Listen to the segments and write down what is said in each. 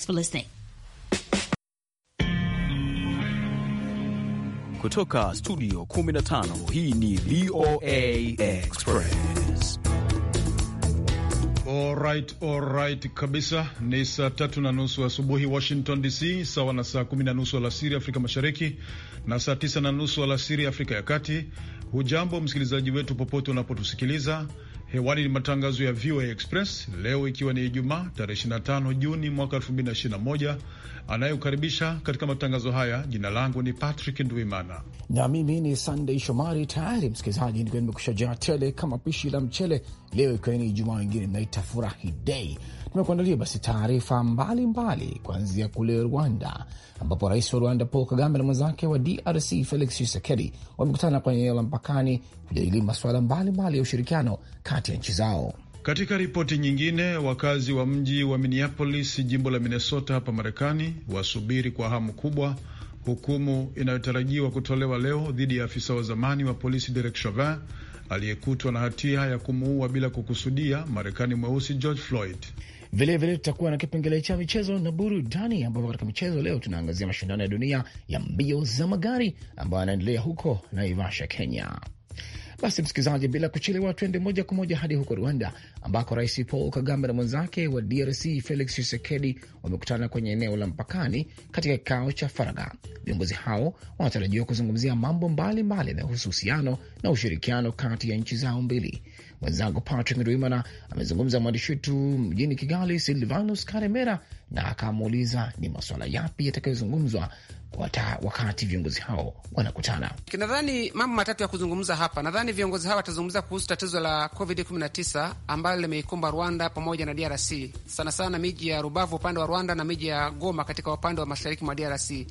Thanks for listening. Kutoka studio 15 hii ni VOA Express. Alright, alright kabisa. Ni saa tatu na nusu asubuhi wa Washington DC, sawa na saa kumi na nusu alasiri Afrika Mashariki na saa tisa na nusu alasiri Afrika ya Kati. Hujambo msikilizaji wetu popote unapotusikiliza. Hewani ni matangazo ya VOA Express leo ikiwa ni Ijumaa tarehe 25 Juni mwaka 2021. Anayokaribisha katika matangazo haya, jina langu ni Patrick Ndwimana na mimi ni Sandey Shomari. Tayari msikilizaji, nikiwa nimekusha jaa tele kama pishi la mchele leo ikiwa ni Ijumaa wengine mnaita furahi dei. Tumekuandalia basi taarifa mbalimbali, kuanzia kule Rwanda ambapo rais wa Rwanda Paul Kagame na mwenzake wa DRC Felix Tshisekedi wamekutana kwenye eneo la mpakani kujadili masuala mbalimbali ya ushirikiano kati ya nchi zao. Katika ripoti nyingine, wakazi wa mji wa Minneapolis, jimbo la Minnesota hapa Marekani, wasubiri kwa hamu kubwa hukumu inayotarajiwa kutolewa leo dhidi ya afisa wa zamani wa polisi Derek Chauvin aliyekutwa na hatia ya kumuua bila kukusudia Marekani mweusi George Floyd. Vilevile tutakuwa na kipengele cha michezo na burudani, ambapo katika michezo leo tunaangazia mashindano ya dunia ya mbio za magari ambayo yanaendelea huko Naivasha, Kenya. Basi msikilizaji, bila kuchelewa, twende moja kwa moja hadi huko Rwanda ambako Rais Paul Kagame na mwenzake wa DRC Felix Tshisekedi wamekutana kwenye eneo la mpakani katika kikao cha faragha. Viongozi hao wanatarajiwa kuzungumzia mambo mbalimbali yanayohusu uhusiano na ushirikiano kati ya nchi zao mbili. Mwenzangu Patrick Ndwimana amezungumza mwandishi wetu mjini Kigali Silvanus Karemera na akamuuliza ni masuala yapi yatakayozungumzwa wata, wakati viongozi hao wanakutana. Nadhani mambo matatu ya kuzungumza hapa. Nadhani viongozi hao watazungumza kuhusu tatizo la COVID-19 ambalo limeikumba Rwanda pamoja na DRC, sana sana miji ya Rubavu upande wa Rwanda na miji ya Goma katika upande wa mashariki mwa DRC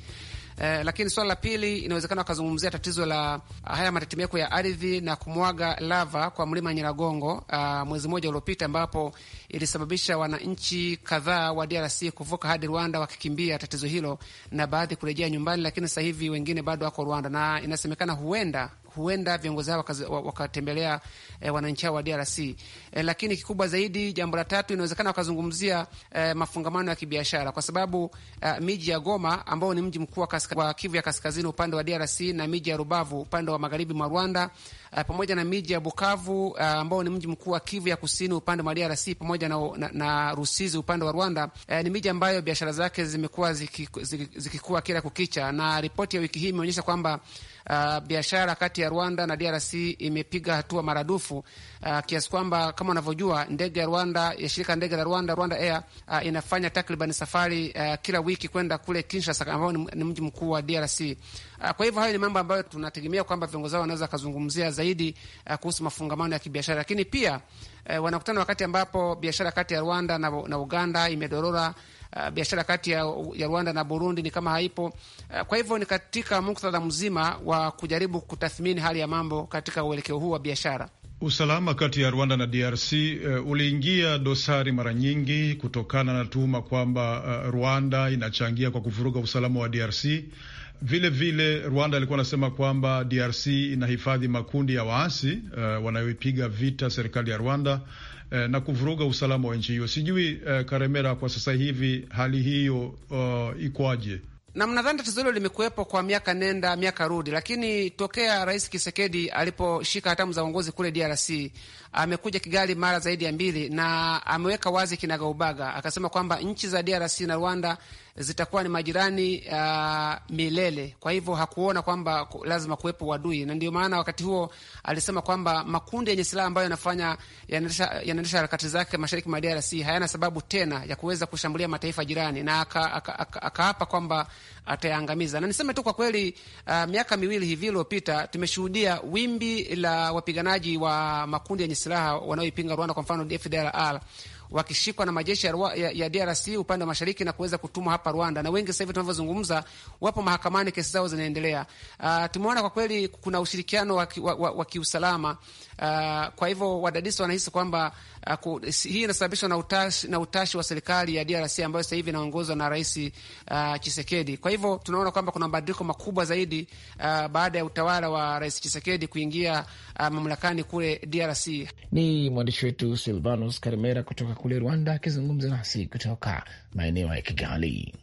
eh, lakini swala la pili inawezekana wakazungumzia tatizo la ah, haya matetemeko ya ardhi na kumwaga lava kwa mlima Nyiragongo uh, mwezi mmoja uliopita, ambapo ilisababisha wananchi kadhaa wa DRC kuvuka hadi Rwanda wakikimbia tatizo hilo na baadhi kurejea nyumbani, lakini sasa hivi wengine bado wako Rwanda na inasemekana huenda huenda viongozi hao wakatembelea e, wananchi hao wa DRC e, eh, lakini kikubwa zaidi, jambo la tatu, inawezekana wakazungumzia e, mafungamano ya kibiashara kwa sababu e, miji ya Goma ambao ni mji mkuu wa Kivu ya kaskazini upande wa DRC na miji ya Rubavu upande wa magharibi mwa Rwanda uh, pamoja na miji ya Bukavu uh, ambao ni mji mkuu wa Kivu ya Kusini upande wa DRC pamoja na, na, na Rusizi upande wa Rwanda uh, ni miji ambayo biashara zake zimekuwa zikikua ziki, ziki kila kukicha, na ripoti ya wiki hii imeonyesha kwamba uh, biashara kati ya Rwanda na DRC imepiga hatua maradufu uh, kiasi kwamba kama unavyojua ndege ya Rwanda ya shirika ndege la Rwanda Rwanda Air uh, inafanya takriban safari uh, kila wiki kwenda kule Kinshasa ambao ni mji mkuu wa DRC. Uh, kwa hivyo hayo ni mambo ambayo tunategemea kwamba viongozi wao wanaweza kazungumzia zaidi uh, kuhusu mafungamano ya kibiashara, lakini pia uh, wanakutana wakati ambapo biashara kati ya Rwanda na, na Uganda imedorora. Uh, biashara kati ya, ya Rwanda na Burundi ni kama haipo. Uh, kwa hivyo ni katika muktadha mzima wa kujaribu kutathmini hali ya mambo katika uelekeo huu wa biashara. Usalama kati ya Rwanda na DRC uh, uliingia dosari mara nyingi kutokana na tuhuma kwamba uh, Rwanda inachangia kwa kuvuruga usalama wa DRC vile vile Rwanda alikuwa anasema kwamba DRC inahifadhi makundi ya waasi uh, eh, wanayoipiga vita serikali ya Rwanda uh, na kuvuruga usalama wa nchi hiyo. Sijui uh, Karemera, kwa sasa hivi hali hiyo uh, ikwaje? na mnadhani tatizo hilo limekuwepo kwa miaka nenda miaka rudi, lakini tokea Rais Kisekedi aliposhika hatamu za uongozi kule DRC amekuja Kigali mara zaidi ya mbili na ameweka wazi kinagaubaga, akasema kwamba nchi za DRC na Rwanda zitakuwa ni majirani uh, milele. Kwa hivyo hakuona kwamba lazima kuwepo wadui, na ndio maana wakati huo alisema kwamba makundi yenye silaha ambayo yanafanya yanaendesha harakati zake mashariki mwa DRC hayana sababu tena ya kuweza kushambulia mataifa jirani, na akaapa aka, aka, aka kwamba atayaangamiza. Na niseme tu kwa kweli, uh, miaka miwili hivi iliyopita tumeshuhudia wimbi la wapiganaji wa makundi yenye silaha wanaoipinga Rwanda, kwa mfano FDLR wakishikwa na majeshi ya DRC upande wa mashariki na kuweza kutumwa hapa Rwanda, na wengi sasa hivi tunavyozungumza wapo mahakamani, kesi zao zinaendelea. Uh, tumeona kwa kweli kuna ushirikiano wa kiusalama. Uh, kwa hivyo wadadisi wanahisi kwamba Aku, ah, hii inasababishwa na utashi, na utashi wa serikali ya DRC ambayo sasa hivi inaongozwa na Rais uh, ah, Chisekedi. Kwa hivyo tunaona kwamba kuna mabadiliko makubwa zaidi uh, baada ya utawala wa Rais Chisekedi kuingia uh, mamlakani kule DRC. Ni mwandishi wetu Silvanus Karimera kutoka kule Rwanda akizungumza nasi kutoka maeneo ya Kigali.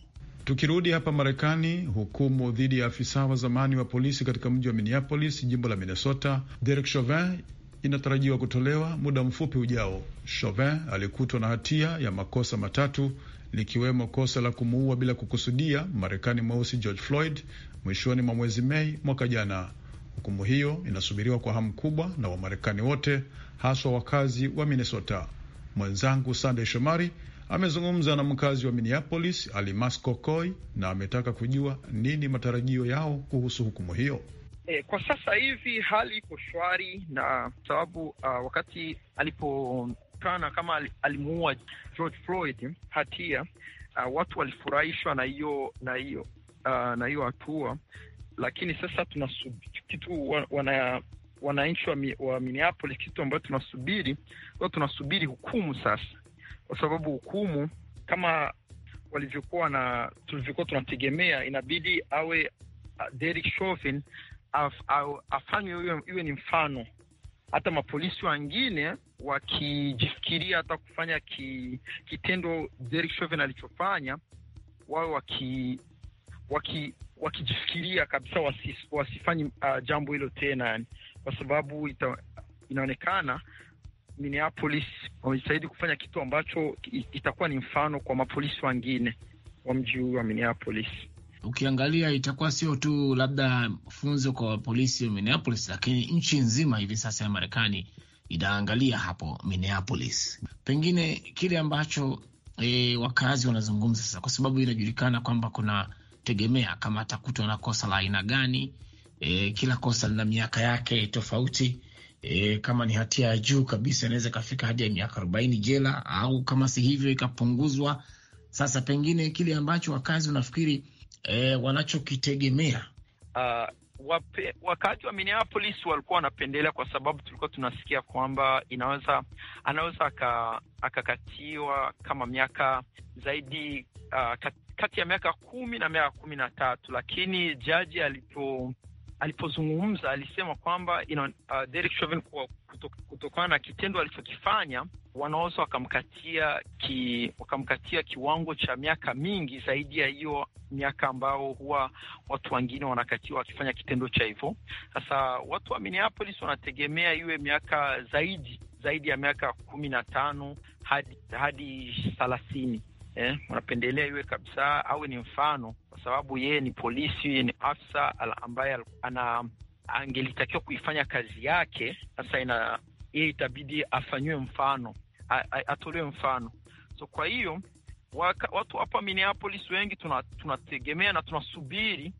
Tukirudi hapa Marekani, hukumu dhidi ya afisa wa zamani wa polisi katika mji wa Minneapolis, jimbo la Minnesota, Derek Chauvin inatarajiwa kutolewa muda mfupi ujao. Chauvin alikutwa na hatia ya makosa matatu likiwemo kosa la kumuua bila kukusudia Marekani mweusi George Floyd mwishoni mwa mwezi Mei mwaka jana. Hukumu hiyo inasubiriwa kwa hamu kubwa na Wamarekani wote, haswa wakazi wa Minnesota. Mwenzangu Sandey Shomari amezungumza na mkazi wa Minneapolis, Alimas Kokoi, na ametaka kujua nini matarajio yao kuhusu hukumu hiyo. E, kwa sasa hivi hali iko shwari na sababu uh, wakati alipokana kama alimuua George Floyd hatia uh, watu walifurahishwa na hiyo na hiyo uh, na hiyo hatua, lakini sasa kitu wana wananchi wa, wa Minneapolis, kitu ambacho tunasubiri o, tunasubiri hukumu sasa, kwa sababu hukumu kama walivyokuwa na tulivyokuwa tunategemea, inabidi awe uh, Derek Chauvin afanywe iwe ni mfano, hata mapolisi wengine wakijifikiria hata kufanya ki, kitendo Derek Chauvin alichofanya, wawe waki, waki wakijifikiria kabisa wasis, wasifanyi uh, jambo hilo tena yani, kwa sababu ita, inaonekana Minneapolis wamejitahidi kufanya kitu ambacho itakuwa ni mfano kwa mapolisi wengine wa mji huu wa Minneapolis ukiangalia itakuwa sio tu labda funzo kwa polisi wa Minneapolis, lakini nchi nzima hivi sasa ya Marekani inaangalia hapo Minneapolis, pengine kile ambacho e, wakazi wanazungumza sasa, kwa sababu inajulikana kwamba kuna tegemea kama atakutwa na kosa la aina gani. E, kila kosa lina miaka yake tofauti. E, kama ni hatia ya juu kabisa inaweza ikafika hadi ya miaka arobaini jela, au kama si hivyo ikapunguzwa. Sasa pengine kile ambacho wakazi wanafikiri e, wanachokitegemea uh, ah, wakati wa Minneapolis walikuwa wanapendelea, kwa sababu tulikuwa tunasikia kwamba inaweza anaweza akakatiwa kama miaka zaidi uh, kati ya miaka kumi na miaka kumi na tatu, lakini jaji alipo alipozungumza alisema kwamba you know, uh, Derek Chauvin kwa kutokana na kitendo alichokifanya wanaoso wakamkatia ki, wakamkatia kiwango cha miaka mingi zaidi ya hiyo miaka ambao huwa watu wengine wanakatiwa wakifanya kitendo cha hivyo. Sasa watu wa Minneapolis wanategemea iwe miaka zaidi zaidi ya miaka kumi na tano hadi hadi thelathini eh, wanapendelea iwe kabisa awe ni mfano, kwa sababu yeye ni polisi, yeye ni afisa ambaye ana angelitakiwa kuifanya kazi yake. Sasa ina yeye itabidi afanyiwe mfano, atolewe mfano. So kwa hiyo waka, watu hapa Minneapolis wengi tunategemea tuna na tunasubiri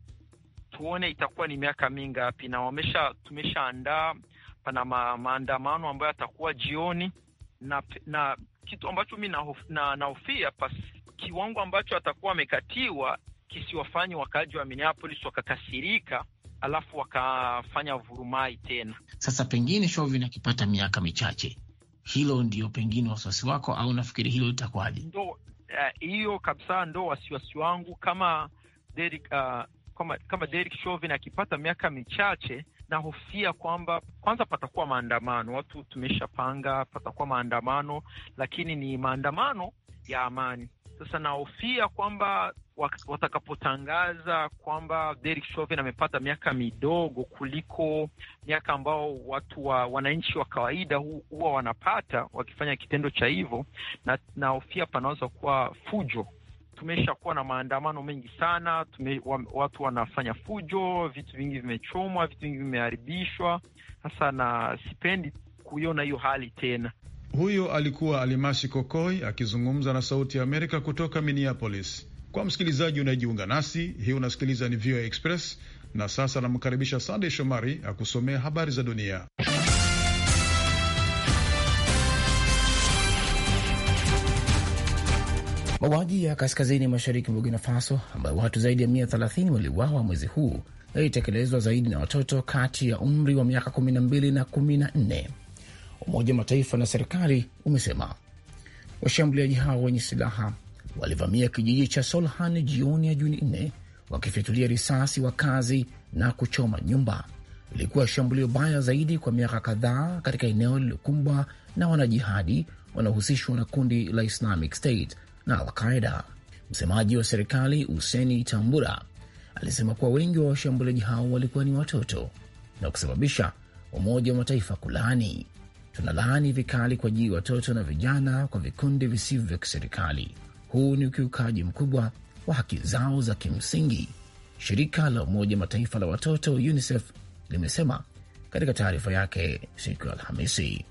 tuone itakuwa ni miaka mingapi, na wamesha tumeshaandaa pana ma, maandamano ambayo yatakuwa jioni na, na kitu ambacho mi nahofia na, kiwango ambacho atakuwa amekatiwa kisiwafanye wakaaji wa Minneapolis wakakasirika alafu wakafanya vurumai tena. Sasa pengine Chauvin akipata miaka michache, hilo ndio pengine wasiwasi wako, au nafikiri hilo litakuwaje? Ndo eh, hiyo uh, kabisa ndo wasiwasi wangu kama Derek, uh, ah, kama, kama Derek Chauvin akipata miaka michache nahofia kwamba kwanza patakuwa maandamano, watu tumeshapanga patakuwa maandamano, lakini ni maandamano ya amani. Sasa nahofia kwamba watakapotangaza kwamba Derek Chauvin amepata miaka midogo kuliko miaka ambao watu wa wananchi wa kawaida huwa wanapata wakifanya kitendo cha hivyo, na nahofia panaweza kuwa fujo tumeshakuwa na maandamano mengi sana tume, watu wanafanya fujo, vitu vingi vimechomwa, vitu vingi vimeharibishwa. Sasa na sipendi kuiona hiyo hali tena. Huyo alikuwa Alimashi Kokoi akizungumza na Sauti ya Amerika kutoka Minneapolis. Kwa msikilizaji unayejiunga nasi, hii unasikiliza ni VOA Express, na sasa anamkaribisha Sandey Shomari akusomea habari za dunia. Mauaji ya kaskazini mashariki Burkina Faso ambayo watu zaidi ya 130 waliuawa mwezi huu yalitekelezwa zaidi na watoto kati ya umri wa miaka 12 na 14, Umoja wa Mataifa na serikali umesema. Washambuliaji hao wenye silaha walivamia kijiji cha Solhan jioni ya Juni 4 wakifyatulia risasi wakazi na kuchoma nyumba. Ilikuwa shambulio baya zaidi kwa miaka kadhaa katika eneo lililokumbwa na wanajihadi wanaohusishwa na kundi la Islamic State na al Msemaji wa serikali Useni Tambura alisema kuwa wengi wa washambuliaji hao walikuwa ni watoto na kusababisha Umoja wa Mataifa kulaani. Tunalaani vikali kwa ajili watoto na vijana kwa vikundi visivyo vya kiserikali. Huu ni ukiukaji mkubwa wa haki zao za kimsingi, shirika la Umoja Mataifa la watoto UNICEF limesema katika taarifa yake siku ya Alhamisi.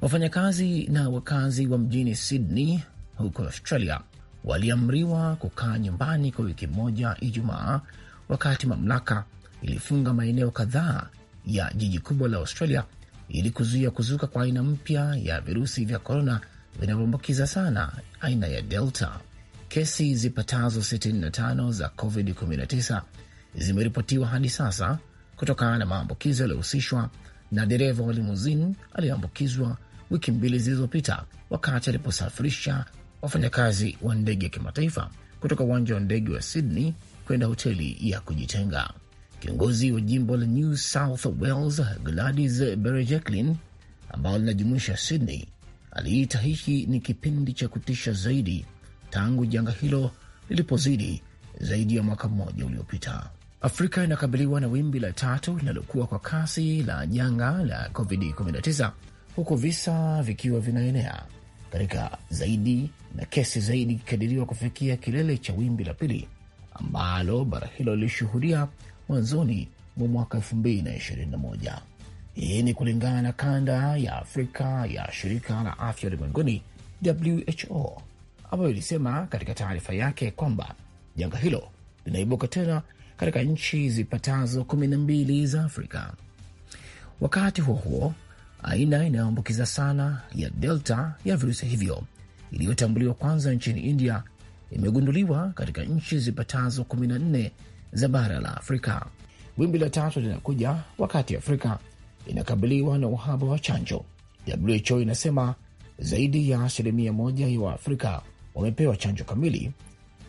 Wafanyakazi na wakazi wa mjini Sydney huko Australia waliamriwa kukaa nyumbani kwa wiki moja Ijumaa, wakati mamlaka ilifunga maeneo kadhaa ya jiji kubwa la Australia ili kuzuia kuzuka kwa aina mpya ya virusi vya korona vinavyoambukiza sana aina ya Delta. Kesi zipatazo 65 za COVID-19 zimeripotiwa hadi sasa kutokana na maambukizo yaliyohusishwa na dereva wa limuzin aliyeambukizwa wiki mbili zilizopita wakati aliposafirisha wafanyakazi wa ndege ya kimataifa kutoka uwanja wa ndege wa Sydney kwenda hoteli ya kujitenga. Kiongozi wa jimbo la New South Wales Gladys Berejiklian, ambalo linajumuisha Sydney, aliita hiki ni kipindi cha kutisha zaidi tangu janga hilo lilipozidi zaidi ya mwaka mmoja uliopita. Afrika inakabiliwa na wimbi la tatu linalokuwa kwa kasi la janga la COVID-19 huku visa vikiwa vinaenea katika zaidi na kesi zaidi ikikadiriwa kufikia kilele cha wimbi la pili ambalo bara hilo lilishuhudia mwanzoni mwa mwaka 2021. Hii ni kulingana na kanda ya Afrika ya shirika la afya ulimwenguni WHO, ambayo ilisema katika taarifa yake kwamba janga hilo linaibuka tena katika nchi zipatazo 12 za Afrika. Wakati huo huo, aina inayoambukiza sana ya delta ya virusi hivyo iliyotambuliwa kwanza nchini India imegunduliwa katika nchi zipatazo 14 za bara la Afrika. Wimbi la tatu linakuja wakati Afrika inakabiliwa na uhaba wa chanjo. WHO inasema zaidi ya asilimia moja ya Waafrika wamepewa chanjo kamili,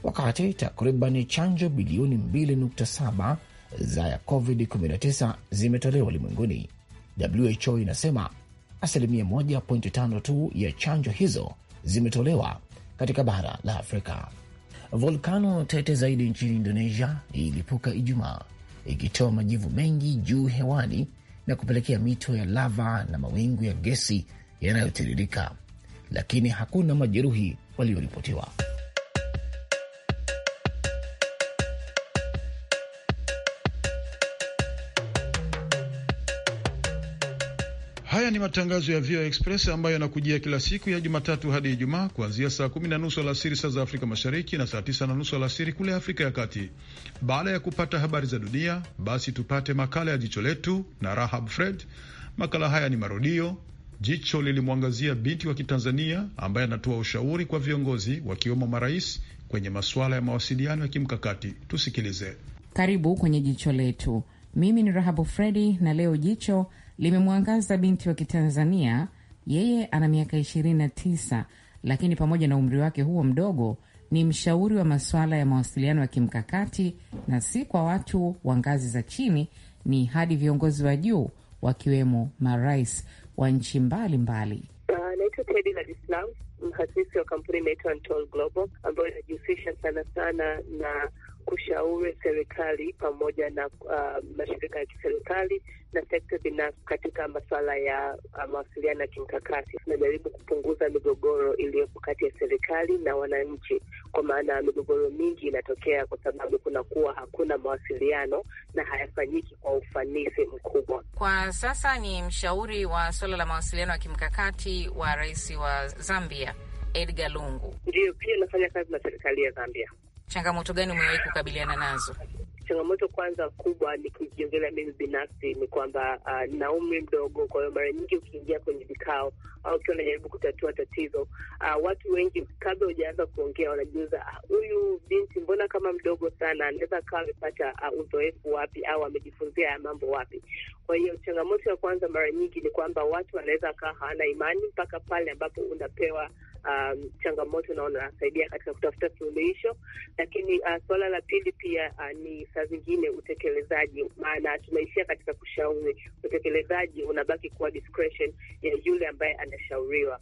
wakati takriban chanjo bilioni 2.7 za ya COVID-19 zimetolewa ulimwenguni. WHO inasema asilimia 1.5 tu ya chanjo hizo zimetolewa katika bara la Afrika. Volkano tete zaidi nchini Indonesia ilipuka Ijumaa ikitoa majivu mengi juu hewani na kupelekea mito ya lava na mawingu ya gesi yanayotiririka, lakini hakuna majeruhi walioripotiwa. Haya ni matangazo ya VOA Express ambayo yanakujia kila siku ya Jumatatu hadi Ijumaa kuanzia saa kumi na nusu alasiri saa za Afrika Mashariki na saa tisa na nusu alasiri kule Afrika ya Kati. Baada ya kupata habari za dunia, basi tupate makala ya jicho letu na Rahab Fred. Makala haya ni marudio. Jicho lilimwangazia binti wa Kitanzania ambaye anatoa ushauri kwa viongozi wakiwemo marais kwenye masuala ya mawasiliano ya kimkakati. Tusikilize. Karibu kwenye jicho letu. Mimi ni Rahabu Fredi na leo jicho limemwangaza binti wa Kitanzania. Yeye ana miaka tisa lakini pamoja na umri wake huo mdogo ni mshauri wa masuala ya mawasiliano ya kimkakati, na si kwa watu wa ngazi za chini, ni hadi viongozi wa juu wakiwemo marais wa nchi mbalimbali. Ah, Naitwa mhasisi wa kampuni inaitwa Global ambayo inajihusisha sana sana na kushauri serikali pamoja na uh, mashirika ya kiserikali na sekta binafsi katika masuala ya uh, mawasiliano ya kimkakati. Tunajaribu kupunguza migogoro iliyopo kati ya serikali na wananchi, kwa maana migogoro mingi inatokea kwa sababu kunakuwa hakuna mawasiliano na hayafanyiki kwa ufanisi mkubwa. Kwa sasa ni mshauri wa suala la mawasiliano ya kimkakati wa rais wa Zambia Edgar Lungu. ndio pia nafanya kazi na serikali ya Zambia. Changamoto gani umewahi kukabiliana nazo? Changamoto kwanza kubwa ni kujiongelea mimi binafsi ni kwamba uh, na umri mdogo. Kwa hiyo mara nyingi ukiingia kwenye vikao au ukiwa unajaribu kutatua tatizo uh, watu wengi kabla hujaanza kuongea wanajiuza, ah, huyu uh, binti mbona kama mdogo sana, anaweza akawa amepata uh, uzoefu wapi au amejifunzia ya mambo wapi? Kwa hiyo changamoto ya kwanza mara nyingi ni kwamba watu wanaweza akawa hawana imani mpaka pale ambapo unapewa um, changamoto naona nasaidia katika kutafuta suluhisho. Lakini uh, suala la pili pia uh, ni saa zingine utekelezaji, maana tunaishia katika kushauri, utekelezaji unabaki kuwa discretion ya yule ambaye anashauriwa.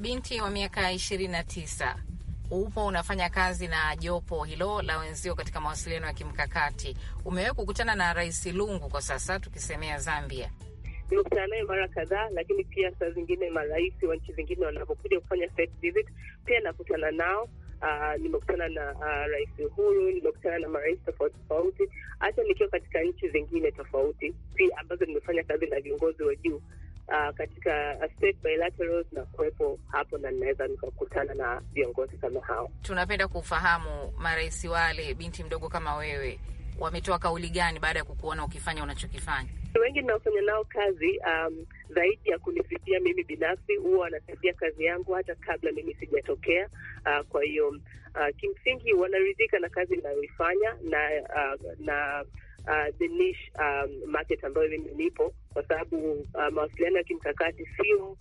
Binti wa miaka ishirini na tisa upo unafanya kazi na jopo hilo la wenzio katika mawasiliano ya kimkakati. Umewahi kukutana na Rais Lungu kwa sasa tukisemea Zambia? nimekutana naye mara kadhaa, lakini pia saa zingine marais wa nchi zingine wanapokuja kufanya state visit pia nakutana nao. Uh, nimekutana na uh, rais Uhuru, nimekutana na marais tofauti tofauti, hata nikiwa katika nchi zingine tofauti pia ambazo nimefanya kazi na viongozi wa juu uh, katika state bilaterals na kuwepo hapo, na ninaweza nikakutana na viongozi kama hao. Tunapenda kufahamu marais wale, binti mdogo kama wewe wametoa kauli gani baada ya kukuona ukifanya unachokifanya? Wengi ninaofanya nao kazi um, zaidi ya kunifidia mimi binafsi, huwa wanasaidia kazi yangu hata kabla mimi sijatokea. Uh, kwa hiyo uh, kimsingi wanaridhika na kazi inayoifanya na uh, na Uh, the niche um, market ambayo mimi nipo kwa sababu uh, mawasiliano ya kimkakati sio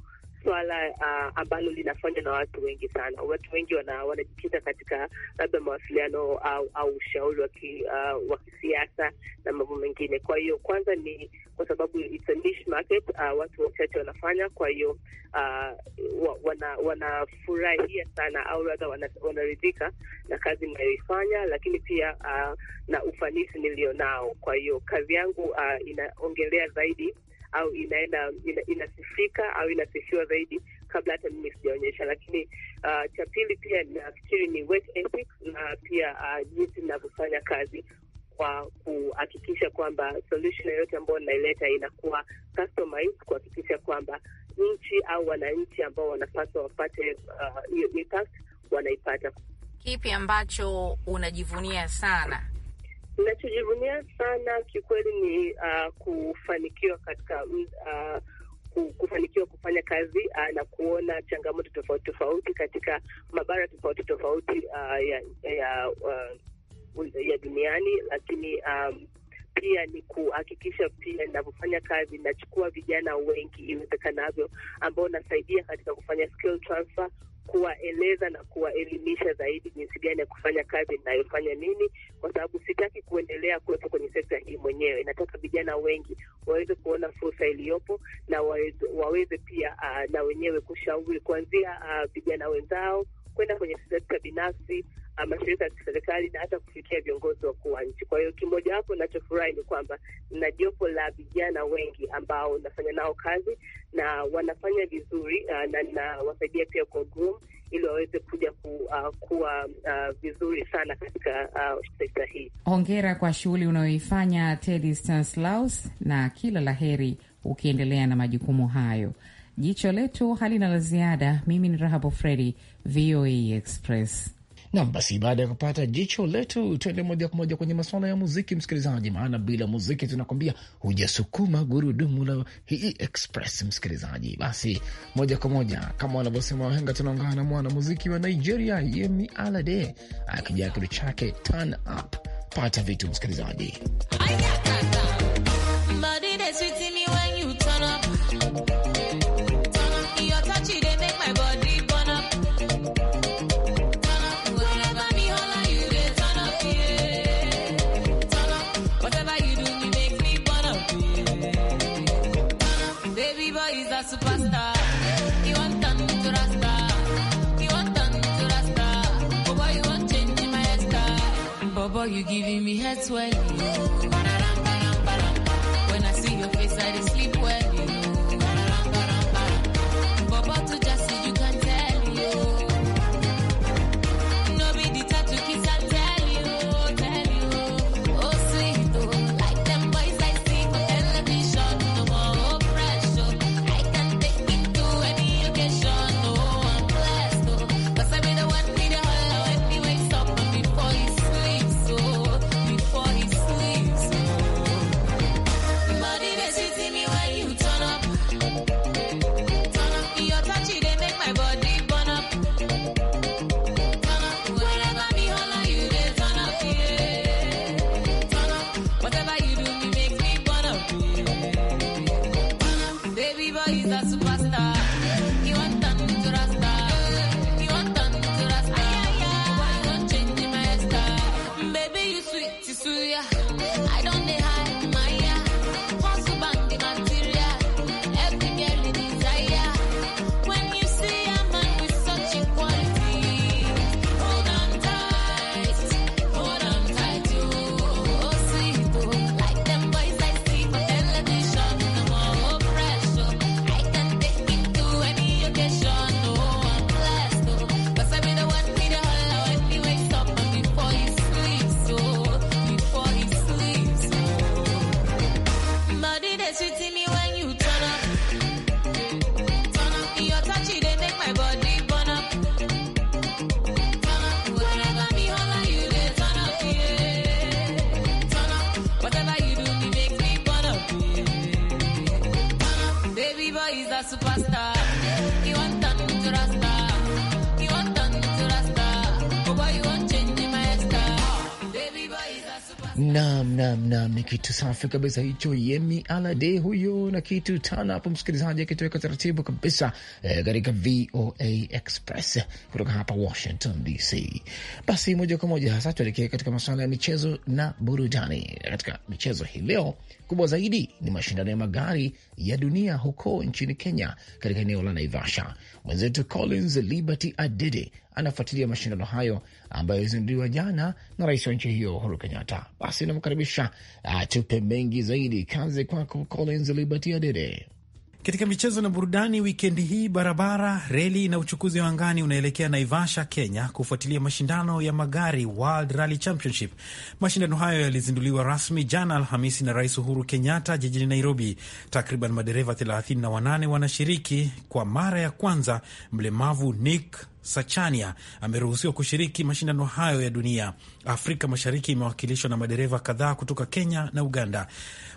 swala uh, ambalo linafanywa na watu wengi sana. Watu wengi wanajikita katika labda mawasiliano au, au ushauri uh, wa kisiasa na mambo mengine. Kwa hiyo kwanza ni kwa sababu it's a niche market, uh, watu wachache wanafanya, kwa hiyo uh, wanafurahia wana sana au rather wanaridhika wana na kazi inayoifanya lakini pia uh, na ufanisi nilionao. Kwa hiyo kazi yangu uh, inaongelea zaidi au inaenda ina, inasifika au inasifiwa zaidi kabla hata mimi sijaonyesha. Lakini uh, cha pili pia nafikiri ni work ethics na pia uh, jinsi ninavyofanya kazi kwa kuhakikisha kwamba solution yoyote ambayo inaileta inakuwa customized kuhakikisha kwamba nchi au wananchi ambao wanapaswa wapate uh, hiyo uh, impact wanaipata. Kipi ambacho unajivunia sana Ninachojivunia sana kiukweli ni uh, kufanikiwa katika uh, kufanikiwa kufanya kazi uh, na kuona changamoto tofauti tofauti katika mabara tofauti tofauti uh, ya ya, uh, ya duniani, lakini um, pia ni kuhakikisha pia inavyofanya kazi nachukua vijana wengi iwezekanavyo, ambao nasaidia katika kufanya skill transfer, kuwaeleza na kuwaelimisha zaidi jinsi gani ya kufanya kazi inayofanya nini, kwa sababu sitaki kuendelea kuwepo kwenye sekta hii mwenyewe. Nataka vijana wengi waweze kuona fursa iliyopo na waweze, waweze pia uh, na wenyewe kushauri kuanzia ah, vijana uh, wenzao kwenda kwenye sekta binafsi, ah, mashirika ya kiserikali na hata kufikia viongozi wakuu wa nchi. Kwa hiyo kimojawapo nachofurahi ni kwamba na jopo la vijana wengi ambao nafanya nao kazi na wanafanya vizuri uh, na nawasaidia pia kwa groom ili waweze kuja ku, uh, kuwa uh, vizuri sana katika uh, sekta hii. Hongera kwa shughuli unayoifanya Teddy Stanslaus, na kila la heri ukiendelea na majukumu hayo. Jicho letu halina la ziada. Mimi ni Rahabu Fredi, VOA Express. Nam, basi baada ya kupata jicho letu, tuende moja kwa moja kwenye masuala ya muziki, msikilizaji, maana bila muziki tunakwambia hujasukuma gurudumu la hii express, msikilizaji. Basi moja kwa moja kama wanavyosema wahenga, tunaungana na mwana muziki wa Nigeria Yemi Alade akijaa kitu chake turn up. Pata vitu, msikilizaji. boy, you giving me head sweat. When I see your face, I don't sleep well. stop. Nam, nam, nam, ni kitu safi kabisa hicho. Yemi Alade huyo na kitu tana hapo, msikilizaji akitoweka taratibu kabisa eh, katika eh, VOA Express kutoka hapa Washington DC. Basi moja kwa moja hasa tuelekee katika masuala ya michezo na burudani. Katika michezo hii leo kubwa zaidi ni mashindano ya magari ya dunia huko nchini Kenya, katika eneo la Naivasha. Mwenzetu Collins Liberty Adede anafuatilia mashindano hayo ambayo ilizinduliwa jana na rais wa nchi hiyo Uhuru Kenyatta. Basi namkaribisha atupe ah, mengi zaidi. Kazi kwako Collins Liberty Adede. Katika michezo na burudani, wikendi hii barabara, reli na uchukuzi wa angani unaelekea Naivasha, Kenya, kufuatilia mashindano ya magari World Rally Championship. Mashindano hayo yalizinduliwa rasmi jana Alhamisi na Rais Uhuru Kenyatta jijini Nairobi. Takriban madereva 38 wanashiriki kwa mara ya kwanza. Mlemavu Nick Sachania ameruhusiwa kushiriki mashindano hayo ya dunia. Afrika Mashariki imewakilishwa na madereva kadhaa kutoka Kenya na Uganda.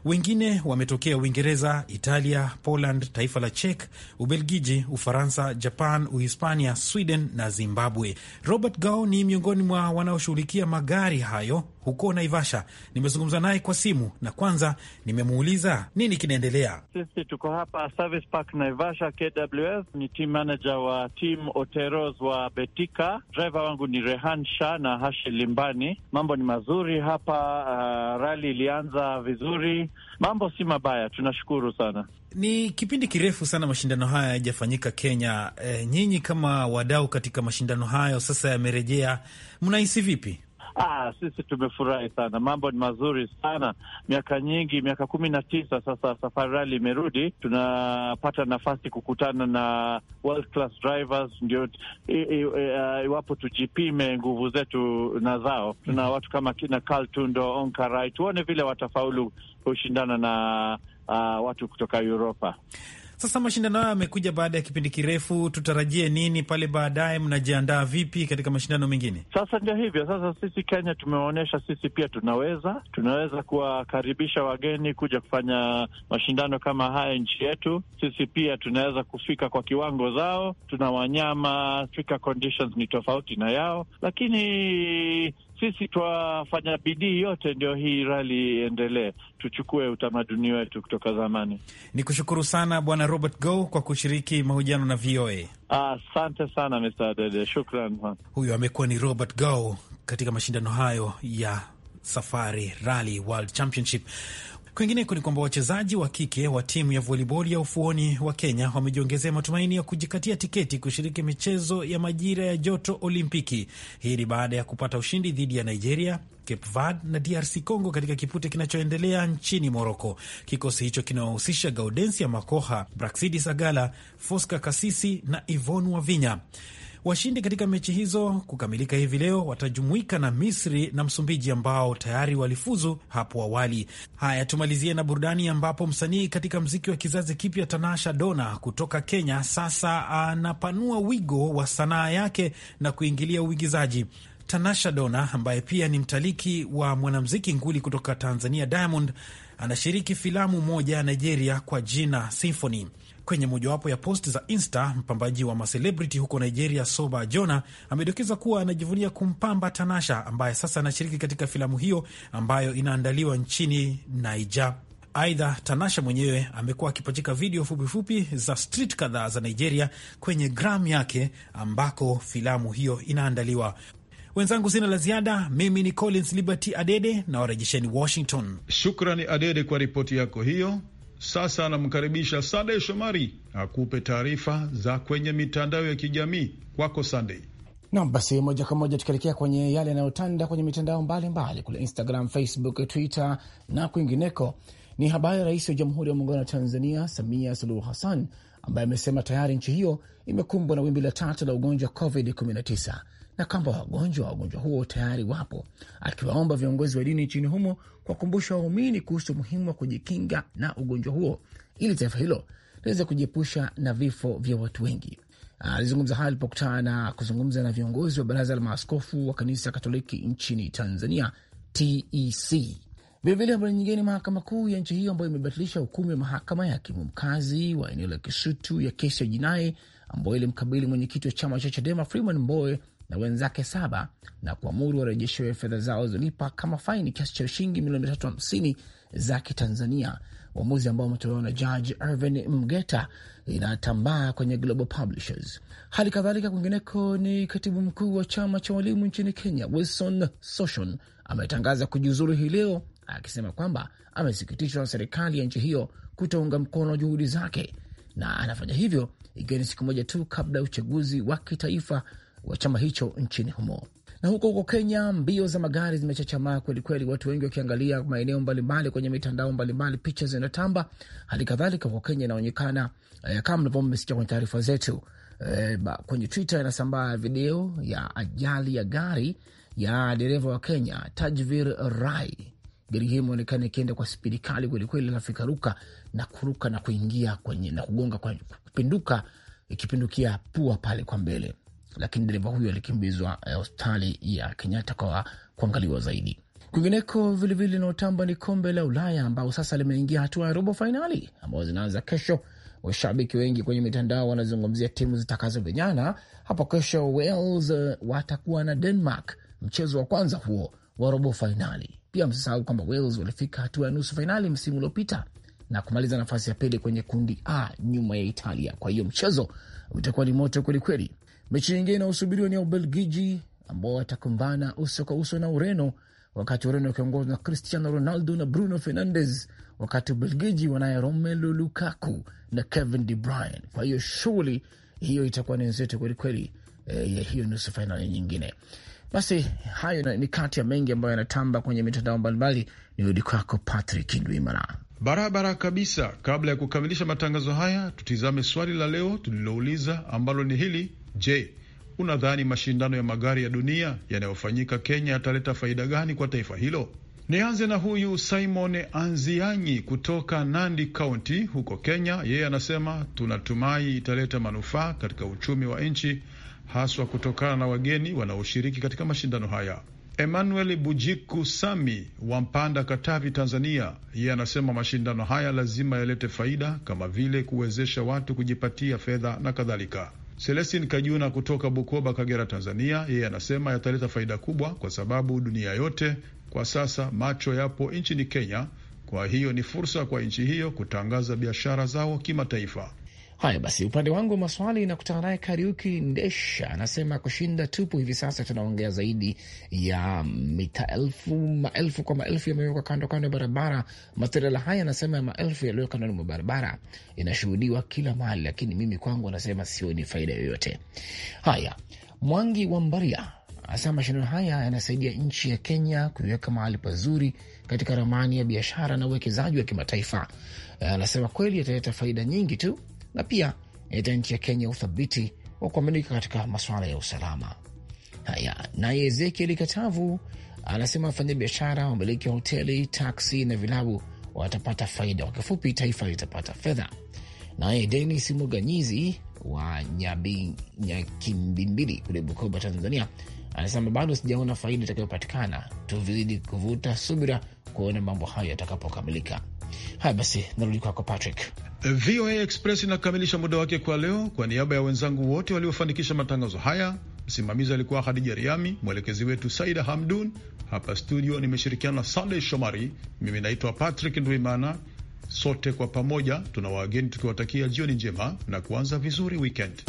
Wengine wametokea Uingereza, Italia, Poland, taifa la Czech, Ubelgiji, Ufaransa, Japan, Uhispania, Sweden na Zimbabwe. Robert Gao ni miongoni mwa wanaoshughulikia magari hayo huko Naivasha. Nimezungumza naye kwa simu na kwanza nimemuuliza nini kinaendelea. Sisi tuko hapa Service Park Naivasha, KWS ni team manager wa team Oteros wa Betika. Driver wangu ni Rehan Shah na Hashi Limbani. Mambo ni mazuri hapa. Uh, rali ilianza vizuri, mambo si mabaya, tunashukuru sana. Ni kipindi kirefu sana mashindano haya yajafanyika Kenya. E, nyinyi kama wadau katika mashindano hayo sasa yamerejea, mnahisi vipi? Ah, sisi tumefurahi sana, mambo ni mazuri sana. Miaka nyingi, miaka kumi na tisa sasa, Safari Rally imerudi, tunapata nafasi kukutana na world class drivers, ndio e, iwapo tujipime nguvu zetu na zao. Tuna mm-hmm. watu kama kina Carl Tundo, Onkarai, tuone vile watafaulu kushindana na uh, watu kutoka Uropa. Sasa mashindano hayo yamekuja baada ya kipindi kirefu, tutarajie nini pale baadaye? Mnajiandaa vipi katika mashindano mengine? Sasa ndio hivyo sasa, sisi Kenya tumewaonyesha sisi pia tunaweza, tunaweza kuwakaribisha wageni kuja kufanya mashindano kama haya nchi yetu. Sisi pia tunaweza kufika kwa kiwango zao, tuna wanyama, conditions ni tofauti na yao, lakini sisi twafanya bidii yote ndio hii rali iendelee, tuchukue utamaduni wetu kutoka zamani. Ni kushukuru sana Bwana Robert Go kwa kushiriki mahojiano na VOA. Asante ah, sana Mr. shukran. Huyo amekuwa ni Robert Go katika mashindano hayo ya Safari Rally World Championship. Kwingineko ni kwamba wachezaji wa kike wa timu ya voliboli ya ufuoni wa Kenya wamejiongezea matumaini ya kujikatia tiketi kushiriki michezo ya majira ya joto Olimpiki. Hii ni baada ya kupata ushindi dhidi ya Nigeria, Cape Verde na DRC Congo katika kipute kinachoendelea nchini Moroko. Kikosi hicho kinawahusisha Gaudensia Makoha, Braxidis Agala, Fosca Kasisi na Ivon Wavinya. Washindi katika mechi hizo kukamilika hivi leo watajumuika na Misri na Msumbiji ambao tayari walifuzu hapo awali. Haya, tumalizie na burudani, ambapo msanii katika mziki wa kizazi kipya Tanasha Dona kutoka Kenya sasa anapanua wigo wa sanaa yake na kuingilia uigizaji. Tanasha Dona ambaye pia ni mtaliki wa mwanamziki nguli kutoka Tanzania Diamond anashiriki filamu moja ya Nigeria kwa jina Symphony. Kwenye mojawapo ya post za Insta, mpambaji wa maselebrity huko Nigeria, Soba Jona, amedokeza kuwa anajivunia kumpamba Tanasha ambaye sasa anashiriki katika filamu hiyo ambayo inaandaliwa nchini naija Aidha, Tanasha mwenyewe amekuwa akipachika video fupifupi fupi za street kadhaa za Nigeria kwenye gram yake ambako filamu hiyo inaandaliwa. Wenzangu, sina la ziada. Mimi ni Collins Liberty Adede na warejesheni Washington. Shukrani Adede kwa ripoti yako hiyo. Sasa anamkaribisha Sandey Shomari akupe taarifa za kwenye mitandao ya kijamii. Kwako Sandey. Nam, basi moja kwa moja tukielekea kwenye yale yanayotanda kwenye mitandao mbalimbali kule Instagram, Facebook, Twitter na kwingineko, ni habari ya rais wa Jamhuri ya Muungano wa Tanzania Samia Suluhu Hassan ambaye amesema tayari nchi hiyo imekumbwa na wimbi la tatu la ugonjwa wa COVID-19 na kwamba wagonjwa wa ugonjwa huo tayari wapo, akiwaomba viongozi wa dini nchini humo kuwakumbusha waumini kuhusu umuhimu wa kujikinga na ugonjwa huo ili taifa hilo liweze kujiepusha na vifo vya watu wengi. Alizungumza haya alipokutana na kuzungumza na viongozi wa baraza la maaskofu wa kanisa Katoliki nchini Tanzania, TEC. Vilevile habari nyingine, mahakama kuu ya nchi hiyo ambayo imebatilisha hukumu ya mahakama ya hakimu mkazi wa eneo la Kisutu ya kesi ya jinai ambayo ilimkabili mwenyekiti wa chama cha Chadema Freeman Mbowe na wenzake saba na kuamuru warejeshewe fedha zao zilipa kama faini kiasi cha shilingi milioni mia tatu hamsini za Kitanzania, uamuzi ambao umetolewa na Jaji Irvin Mgeta. Inatambaa kwenye Global Publishers. Hali kadhalika kwingineko, ni katibu mkuu wa chama cha walimu nchini Kenya, Wilson Soshon ametangaza kujiuzuru hii leo, akisema kwamba amesikitishwa na serikali ya nchi hiyo kutounga mkono juhudi zake, na anafanya hivyo ikiwa ni siku moja tu kabla ya uchaguzi wa kitaifa wa chama hicho nchini humo. Na huko huko Kenya, mbio za magari zimechachamaa kwelikweli, watu wengi wakiangalia maeneo mbalimbali kwenye mitandao mbalimbali, picha zinatamba. Hali kadhalika huko Kenya inaonekana eh, kama mnavyo mmesikia kwenye taarifa zetu eh, kwenye Twitter inasambaa video ya ajali ya gari ya dereva wa Kenya Tajvir Rai. Gari hii imeonekana ikienda kwa spidi kali kwelikweli, halafu ruka na kuruka na kuingia kwenye na kugonga kwenye, kupinduka, ikipindukia pua pale kwa mbele lakini dereva huyo alikimbizwa eh, hospitali ya Kenyatta kwa kuangaliwa zaidi. Kwingineko vilevile linaotamba ni kombe la Ulaya ambao sasa limeingia hatua ya robo fainali ambao zinaanza kesho. Washabiki wengi kwenye mitandao wanazungumzia timu zitakazo vijana hapo kesho. Wales uh, watakuwa na Denmark, mchezo wa kwanza huo wa robo fainali. Pia msisahau kwamba Wales walifika hatua ya nusu fainali msimu uliopita na kumaliza nafasi ya pili kwenye kundi A nyuma ya Italia. Kwa hiyo mchezo utakuwa ni moto kwelikweli. Mechi nyingine inayosubiriwa ni ya Ubelgiji ambao watakumbana uso kwa uso na Ureno, wakati Ureno wakiongozwa na Cristiano Ronaldo na Bruno Fernandes, wakati Ubelgiji wanaye Romelu Lukaku na Kevin De Bruyne. Kwa hiyo shughuli hiyo itakuwa ni nzito kwelikweli eh, ya hiyo nusu fainali nyingine. Basi hayo ni kati ya mengi ambayo yanatamba kwenye mitandao mbalimbali. Ni rudi kwako Patrick Ndwimana. Barabara kabisa. Kabla ya kukamilisha matangazo haya, tutizame swali la leo tulilouliza ambalo ni hili: Je, unadhani mashindano ya magari ya dunia yanayofanyika Kenya yataleta faida gani kwa taifa hilo? Nianze na huyu Simon Anzianyi kutoka Nandi County huko Kenya. Yeye anasema tunatumai italeta manufaa katika uchumi wa nchi, haswa kutokana na wageni wanaoshiriki katika mashindano haya. Emmanuel Bujiku Sami wa Mpanda, Katavi, Tanzania, yeye anasema mashindano haya lazima yalete faida kama vile kuwezesha watu kujipatia fedha na kadhalika. Celestin Kajuna kutoka Bukoba, Kagera, Tanzania, yeye anasema yataleta faida kubwa kwa sababu dunia yote kwa sasa macho yapo nchini Kenya. Kwa hiyo ni fursa kwa nchi hiyo kutangaza biashara zao kimataifa. Haya basi, upande wangu wa maswali nakutana naye Kariuki Ndesha, anasema kushinda tupu. Hivi sasa tunaongea zaidi ya mita elfu, maelfu kwa maelfu yamewekwa kando kando ya barabara. Materiala haya anasema ya maelfu yaliyo kandoni mwa barabara inashuhudiwa kila mahali, lakini mimi kwangu anasema sio ni faida yoyote. Haya, Mwangi wa Mbaria hasa mashindano haya yanasaidia nchi ya Kenya kuiweka mahali pazuri katika ramani ya biashara na uwekezaji wa kimataifa. Anasema kweli yataleta faida nyingi tu na pia inaleta nchi ya Kenya uthabiti wa kuaminika katika masuala ya usalama. Haya, naye Ezekieli Katavu anasema wafanyabiashara, wamiliki wa hoteli, taksi na vilabu watapata faida. Kwa kifupi, taifa litapata fedha. Naye Denis Muganyizi wa Nyakimbimbili kule Bukoba, Tanzania, anasema bado sijaona faida itakayopatikana, Tuvizidi kuvuta subira kuona mambo hayo yatakapokamilika. Haya basi, narudi kwako Patrick. Eh, VOA Express inakamilisha muda wake kwa leo. Kwa niaba ya wenzangu wote waliofanikisha matangazo haya, msimamizi alikuwa Hadija Riami, mwelekezi wetu Saida Hamdun. Hapa studio nimeshirikiana na Sandey Shomari. Mimi naitwa Patrick Ndwimana. Sote kwa pamoja tuna wageni tukiwatakia jioni njema na kuanza vizuri weekend.